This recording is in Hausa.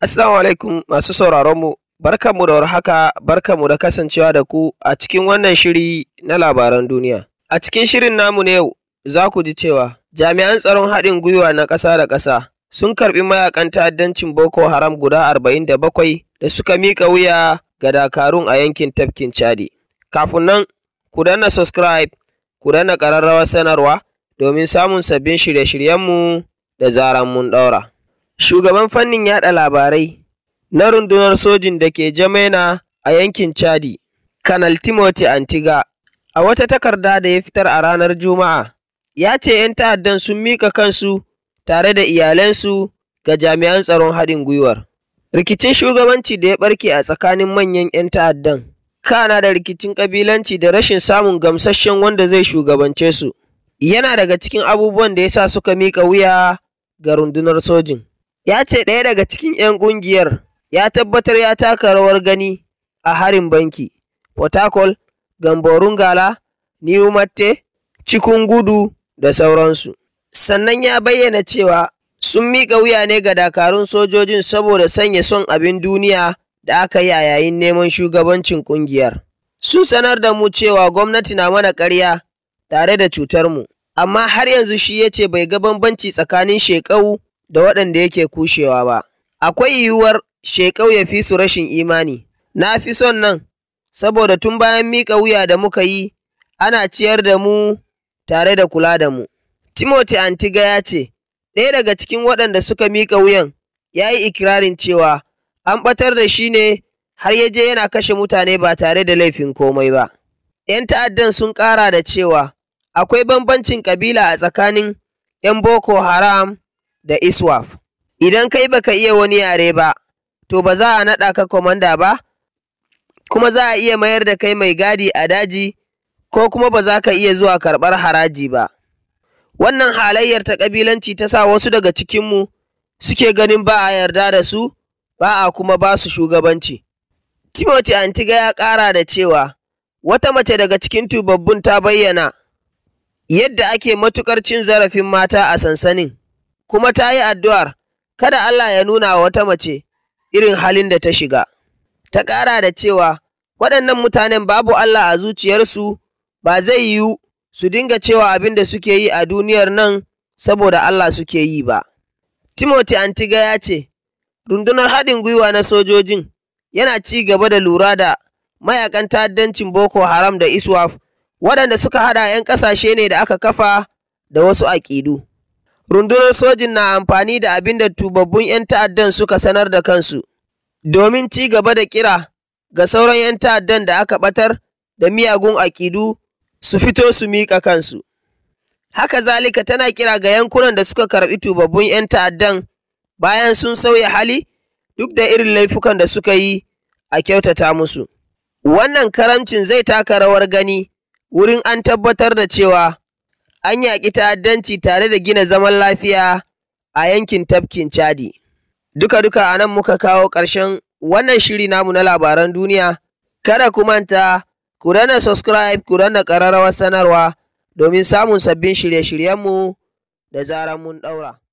Assalamu alaikum masu sauraronmu, barkanmu da warhaka, barkanmu da kasancewa da ku a cikin wannan shiri na labaran duniya. A cikin shirin namu ne yau, za ku ji cewa jami'an tsaron haɗin gwiwa na ƙasa da ƙasa sun karɓi mayakan ta'addancin Boko Haram guda arba'in da bakwai da suka miƙa wuya ga dakarun a yankin tafkin Chadi. Kafin nan, ku danna subscribe, ku danna ƙararrawar sanarwa domin samun sabbin shirye-shiryenmu da zaran mun ɗaura. Shugaban fannin yaɗa labarai na Rundunar Sojin da ke Jamaina a yankin Chadi, Kanal Timothy Antiga, a wata takarda da ya fitar a ranar Juma'a, ya ce ‘yan ta'addan sun mika kansu tare da iyalansu ga jami'an tsaron haɗin gwiwar. Rikicin shugabanci da ya ɓarke a tsakanin manyan ‘yan ta'addan, kana da rikicin ƙabilanci da rashin samun gamsasshen wanda zai shugabance su, yana daga cikin abubuwan da ya sa suka mika wuya ga rundunar sojin. Ya ce ɗaya daga cikin 'yan ƙungiyar ya tabbatar ya taka rawar gani a harin banki. Fatakwal, Gamborun Gala, New Matte, Cikun Gudu da sauransu. Sannan ya bayyana cewa sun miƙa wuya ne ga dakarun sojojin saboda sanya son abin duniya da aka yi a yayin neman shugabancin ƙungiyar. Sun sanar da mu cewa gwamnati na mana ƙarya tare da cutar mu, amma har yanzu shi ya ce bai ga bambanci tsakanin shekau da waɗanda yake kushewa ba. Akwai yiwuwar sheƙau ya fi su rashin imani. Na fi son nan, saboda tun bayan miƙa wuya da muka yi, ana ciyar da mu tare da kula da mu. Timothy Antiga ya ce, ɗaya daga cikin waɗanda suka miƙa wuyan ya yi ikirarin cewa an ɓatar da shi ne har ya je yana kashe mutane ba tare da laifin komai ba. ‘Yan ta'addan sun ƙara da cewa akwai bambancin ƙabila a tsakanin ‘yan Boko Haram da iswaf idan kai baka iya wani yare ba to ba za a naɗa ka kwamanda ba kuma za a iya mayar da kai mai gadi a daji ko kuma ba za ka iya zuwa karɓar haraji ba wannan halayyar ta ƙabilanci ta sa wasu daga cikinmu suke ganin ba a yarda da su ba a kuma ba su shugabanci timothy antiga ya ƙara da cewa wata mace daga cikin tubabbun ta bayyana yadda ake matuƙar cin zarafin mata a sansanin kuma ta yi addu'ar kada Allah ya nuna wa wata mace irin halin da ta shiga. Ta ƙara da cewa waɗannan mutanen babu Allah a zuciyarsu ba zai yiwu su dinga cewa abin da suke yi a duniyar nan saboda Allah suke yi ba. Timothy Antiga ya ce, rundunar haɗin gwiwa na sojojin yana ci gaba da lura da mayakan ta'addancin Boko Haram da ISWAF waɗanda suka hada 'yan ƙasashe ne da aka kafa da wasu aƙidu. rundunar sojin na amfani da abin da tubabbun 'yan ta'addan suka sanar da kansu domin ci gaba da kira ga sauran 'yan ta'addan da aka batar da miyagun akidu su fito su miƙa kansu. Haka zalika tana kira ga yankunan da suka karɓi tubabbun 'yan ta'addan bayan sun sauya hali duk da irin laifukan da suka yi a kyautata musu. Wannan karamcin zai taka rawar gani wurin an tabbatar da cewa an yaƙi ta'addanci tare da gina zaman lafiya a yankin tafkin Chadi. Duka-duka a nan muka kawo ƙarshen wannan shiri namu na labaran duniya. Kada ku manta, ku rana subscribe, ku rana ƙararrawar sanarwa domin samun sabbin shirye-shiryenmu da zarar mun ɗaura.